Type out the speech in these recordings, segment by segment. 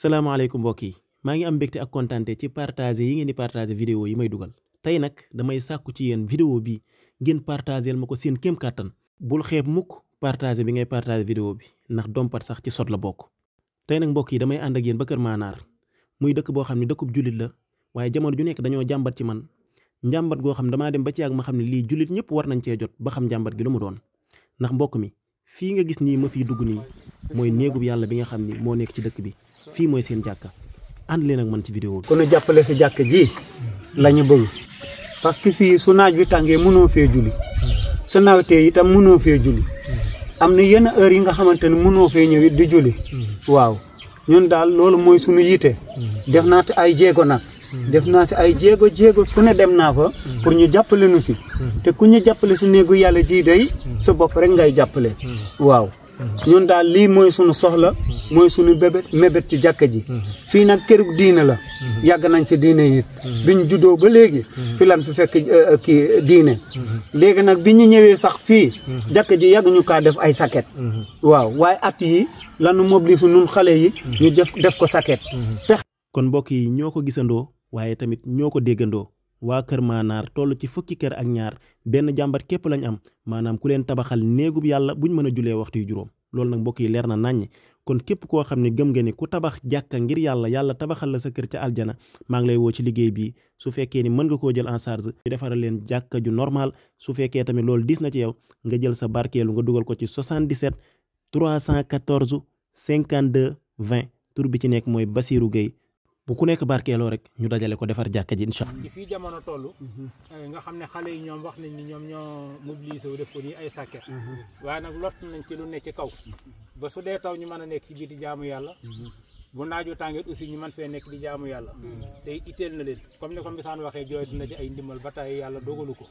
salaamaaleykum mbokk yi ma ngi am mbégte ak contenté ci partager yi ngi ni partager vidéo yi may dugal tay nak damay sakku ci yeen vidéo bi ngeen partager mako seen kem katan bul xeb mukk partager bi ngay partager vidéo bi dom pat sax ci sot la bokk tay nak mbokk yi damay and ak yeen ba manar muy dëkk bo xamni dëkkub la waye jamono ju nekk dañoo jambat ci man njàmbat go xam dama dem ba ci ak ma xamni li julit jullit war nañ ci jot ba xam njàmbat gi lu mu doon nak mbokk mi fi nga gis ni ma fi dugg ni moy neegub yalla bi nga xamni ni nekk ci dëkk bi fii mooy seen jàkka ànd leen ak man ci vidéo bi. kon jàppale sa jàkka ji lañu bëgg parce que fii su naaj wi tàngee mënoo fee julli su nawetee itam mënoo fee julli am na yenn heure yi nga xamante ne mënoo fee ñëw it di julli waaw ñun daal loolu mooy suñu yitte def naa te ay jéego nag def naa si ay jéego jéego fu ne dem naa fa pour ñu jàppale nu si te ku ñu jàppale si néegu yàlla ji day sa bopp rek ngay jàppale waaw ñun daal lii mooy suñu soxla mooy sunu bebet, mébét ci jàkka ji mhm. fii keruk kërug diine la mhm. yàgg nañ si diine yi mhm. biñ juddoo ba léegi fi lan fi fekk eh, eh, kii eh, diine léegi nag bi ñu sax fii jàkka ji yàgg ñu kaa def ay saket waaw waaye at yi lanu mobilisu nun yi ñu def def ko saket kon mbokk yi ñoo ko gisandoo waaye tamit ñoo ko wa waa kër maanaar toll ci fukki kër ak ñaar benn jàmbat képp lañ am maanaam ku leen tabaxal néegub yàlla buñ mën a waxtu mbokk yi na nàññ kon képp koo xam ne gëm nga ni ku tabax jàkka ngir yàlla yàlla tabaxal la sa kër ca aljana maa ngi lay woo ci liggéey bi su fekkee ni mën nga koo jël en charge ñu defaral leen jàkka ju normal su fekkee tamit loolu diis na ci yow nga jël sa barkeelu nga dugal ko ci 77 314 52 20 tur bi ci nekk mooy Basirou géey bu ku nekk barkeeloo rek ñu dajale ko defar jàkka ji incha i ci fii jamono toll. Mhm. Eh, nga xam ne xale yi ñoom wax nañ ni ñoom ñoo mobilisé wu def ko nii ay sàkket. Mhm. waaye nag lot nañ ci lu ne ci kaw. ba su dee taw ñu mën a nekk ci biir di jaamu yàlla. Mhm. bu naaju tàngeet aussi ñu mën fee nekk di jaamu yàlla. te itteel na leen comme ni ko Mbisaan waxee jooy dina ci ay ndimbal ba tey yàlla dogalu ko.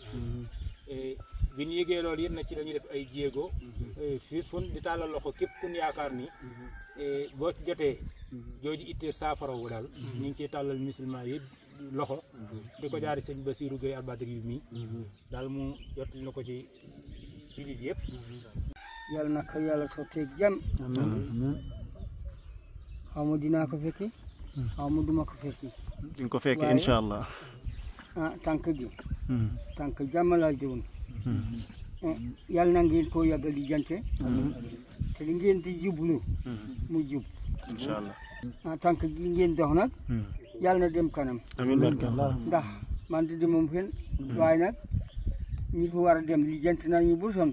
bi ñu yëgee loolu yëpp na ci dañuy def ay jéego mhm. eh, fii fun di tàllal loxo képp kun yaakaar ni mhm. eh, boo jotee mhm. jooju ittee saafarawu daal ñu ngi ciy tàllal musulman yi loxo di ko jaari sëñ Basiiru Gey Albatrik yu mii daal mu jot na ko ci jullit yëpp yàlla na ko yàlla sottee jàmm xaw ma dinaa ko fekki hmm. xaw ma duma ko fekki dinga ko fekki incha allah ah tànk gi hmm. tànk jàmm laa yàlla na ngeen koo yàgg a lijjante te li ngeen di jublu mu jub incha allah en tant que gi ngeen dox nag yàlla na dem kanam amiin ndax man di demam fen waaye nag ñi fi war a dem lijjante nañu bu son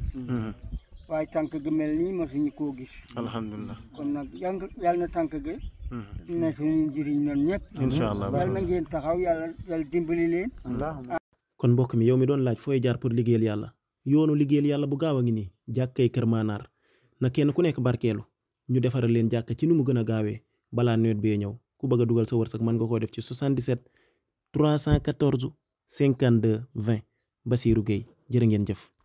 waaye tànk gi mel nii masuñu koo gis alhamdulilah kon nag yàlla na tànk gi na suñu njëriñ noonu ñëpp incha allah na ngeen taxaw yàlla yàlla dimbali leen kon mbokk mi yow mi doon laaj fooy jaar pour liggéeyal yàlla yoonu liggéeyal yàlla bu gaaw a ngi nii jàkkay kër maanaar na kenn ku nekk barkeelu ñu defaral leen jàkk ci nu mu gën a gaawee balaa nawet bee ñëw ku bëgg a dugal sa wërsëg mën nga koo def ci 77 314 52 20 Basirou Gueye jërë ngeen jëf